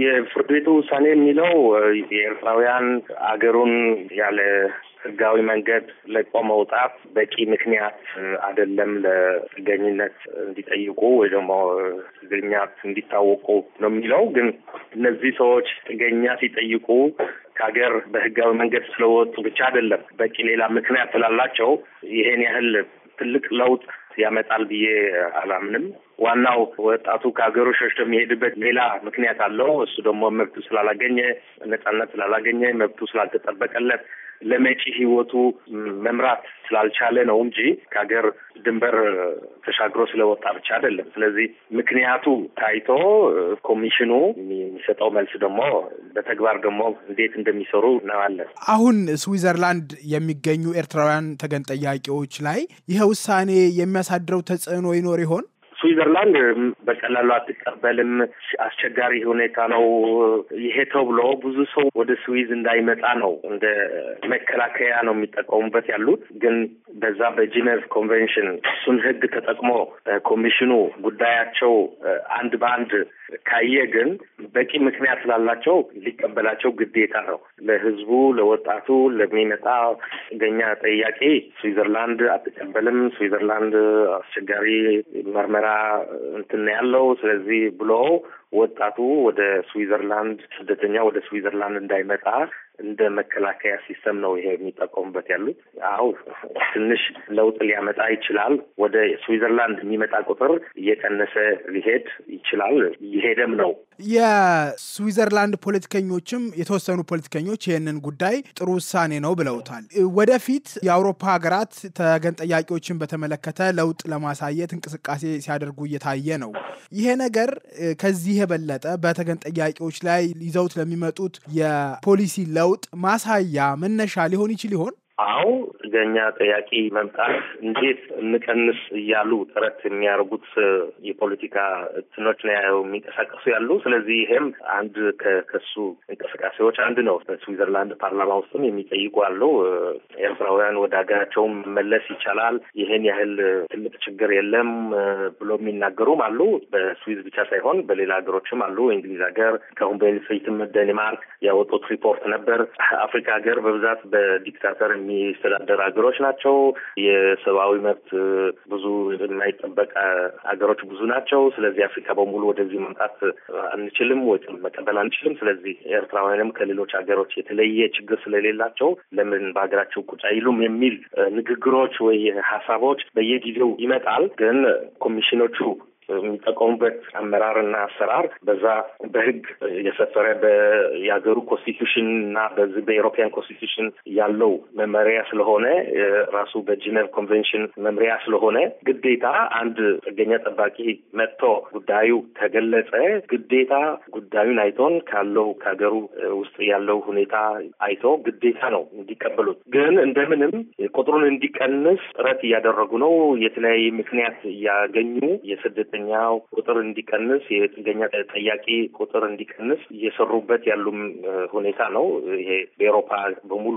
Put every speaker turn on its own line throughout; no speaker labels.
የፍርድ ቤቱ ውሳኔ የሚለው የኤርትራውያን አገሩን ያለ ህጋዊ መንገድ ለቆ መውጣት በቂ ምክንያት አይደለም ለጥገኝነት እንዲጠይቁ ወይ ደግሞ ጥገኛት እንዲታወቁ ነው የሚለው። ግን እነዚህ ሰዎች ጥገኛ ሲጠይቁ ከሀገር በህጋዊ መንገድ ስለወጡ ብቻ አይደለም፣ በቂ ሌላ ምክንያት ስላላቸው ይሄን ያህል ትልቅ ለውጥ ያመጣል ብዬ አላምንም። ዋናው ወጣቱ ከሀገሩ ሸሽቶ የሚሄድበት ሌላ ምክንያት አለው። እሱ ደግሞ መብቱ ስላላገኘ፣ ነጻነት ስላላገኘ፣ መብቱ ስላልተጠበቀለት ለመጪ ህይወቱ መምራት ስላልቻለ ነው እንጂ ከሀገር ድንበር ተሻግሮ ስለወጣ ብቻ አይደለም። ስለዚህ ምክንያቱ ታይቶ ኮሚሽኑ የሚሰጠው መልስ ደግሞ በተግባር ደግሞ እንዴት እንደሚሰሩ እናያለን።
አሁን ስዊዘርላንድ የሚገኙ ኤርትራውያን ተገን ጠያቂዎች ላይ ይህ ውሳኔ የሚያሳድረው ተጽዕኖ ይኖር ይሆን?
ስዊዘርላንድ በቀላሉ አትቀበልም፣ አስቸጋሪ ሁኔታ ነው። ይሄ ተብሎ ብዙ ሰው ወደ ስዊዝ እንዳይመጣ ነው እንደ መከላከያ ነው የሚጠቀሙበት ያሉት። ግን በዛ በጂነቭ ኮንቬንሽን እሱን ህግ ተጠቅሞ ኮሚሽኑ ጉዳያቸው አንድ በአንድ ካየ ግን በቂ ምክንያት ስላላቸው ሊቀበላቸው ግዴታ ነው። ለህዝቡ፣ ለወጣቱ፣ ለሚመጣ ጥገኛ ጠያቂ ስዊዘርላንድ አትቀበልም፣ ስዊዘርላንድ አስቸጋሪ መርመራ እንትን ያለው ስለዚህ ብሎ ወጣቱ ወደ ስዊዘርላንድ ስደተኛ ወደ ስዊዘርላንድ እንዳይመጣ እንደ መከላከያ ሲስተም ነው ይሄ የሚጠቀሙበት ያሉት። አዎ ትንሽ ለውጥ ሊያመጣ ይችላል። ወደ ስዊዘርላንድ የሚመጣ ቁጥር እየቀነሰ ሊሄድ ይችላል። ይሄደም ነው
የስዊዘርላንድ ፖለቲከኞችም የተወሰኑ ፖለቲከኞች ይህንን ጉዳይ ጥሩ ውሳኔ ነው ብለውታል። ወደፊት የአውሮፓ ሀገራት ተገን ጠያቂዎችን በተመለከተ ለውጥ ለማሳየት እንቅስቃሴ ሲያደርጉ እየታየ ነው። ይሄ ነገር ከዚህ የበለጠ በተገን ጠያቂዎች ላይ ይዘውት ለሚመጡት የፖሊሲ ለውጥ ማሳያ መነሻ ሊሆን ይችል ይሆን?
አዎ ጥገኛ ጠያቂ መምጣት እንዴት እንቀንስ እያሉ ጥረት የሚያደርጉት የፖለቲካ እንትኖች ነው የሚንቀሳቀሱ ያሉ። ስለዚህ ይሄም አንድ ከሱ እንቅስቃሴዎች አንድ ነው። በስዊዘርላንድ ፓርላማ ውስጥም የሚጠይቁ አሉ። ኤርትራውያን ወደ ሀገራቸው መመለስ ይቻላል፣ ይህን ያህል ትልቅ ችግር የለም ብሎ የሚናገሩም አሉ። በስዊዝ ብቻ ሳይሆን በሌላ ሀገሮችም አሉ። እንግሊዝ ሀገር ከአሁን በፊትም ደንማርክ ያወጡት ሪፖርት ነበር። አፍሪካ ሀገር በብዛት በዲክታተር የሚስተዳደር ሀገሮች ናቸው። የሰብአዊ መብት ብዙ የማይጠበቅ ሀገሮች ብዙ ናቸው። ስለዚህ አፍሪካ በሙሉ ወደዚህ መምጣት አንችልም ወይ መቀበል አንችልም። ስለዚህ ኤርትራውያንም ከሌሎች ሀገሮች የተለየ ችግር ስለሌላቸው ለምን በሀገራቸው ቁጭ አይሉም የሚል ንግግሮች ወይ ሀሳቦች በየጊዜው ይመጣል። ግን ኮሚሽኖቹ የሚጠቀሙበት አመራርና አሰራር በዛ በህግ የሰፈረ የሀገሩ ኮንስቲቱሽን እና በዚህ በኤሮፒያን ኮንስቲቱሽን ያለው መመሪያ ስለሆነ ራሱ በጂነቭ ኮንቬንሽን መምሪያ ስለሆነ ግዴታ አንድ ጥገኛ ጠባቂ መጥቶ ጉዳዩ ተገለጸ ግዴታ ጉዳዩን አይቶን ካለው ከሀገሩ ውስጥ ያለው ሁኔታ አይቶ ግዴታ ነው እንዲቀበሉት። ግን እንደምንም ቁጥሩን እንዲቀንስ ጥረት እያደረጉ ነው። የተለያየ ምክንያት እያገኙ የስደተ የስደተኛው ቁጥር እንዲቀንስ፣ የጥገኛ ጠያቂ ቁጥር እንዲቀንስ እየሰሩበት ያሉም ሁኔታ ነው። ይሄ በኤሮፓ በሙሉ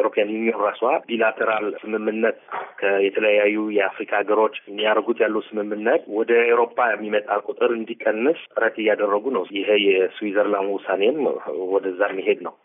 ኤሮፒያን ዩኒዮን ራሷ ቢላተራል ስምምነት ከየተለያዩ የአፍሪካ ሀገሮች የሚያደርጉት ያለው ስምምነት ወደ ኤሮፓ የሚመጣ ቁጥር እንዲቀንስ ጥረት እያደረጉ ነው። ይሄ የስዊዘርላንድ ውሳኔም ወደዛ መሄድ ነው።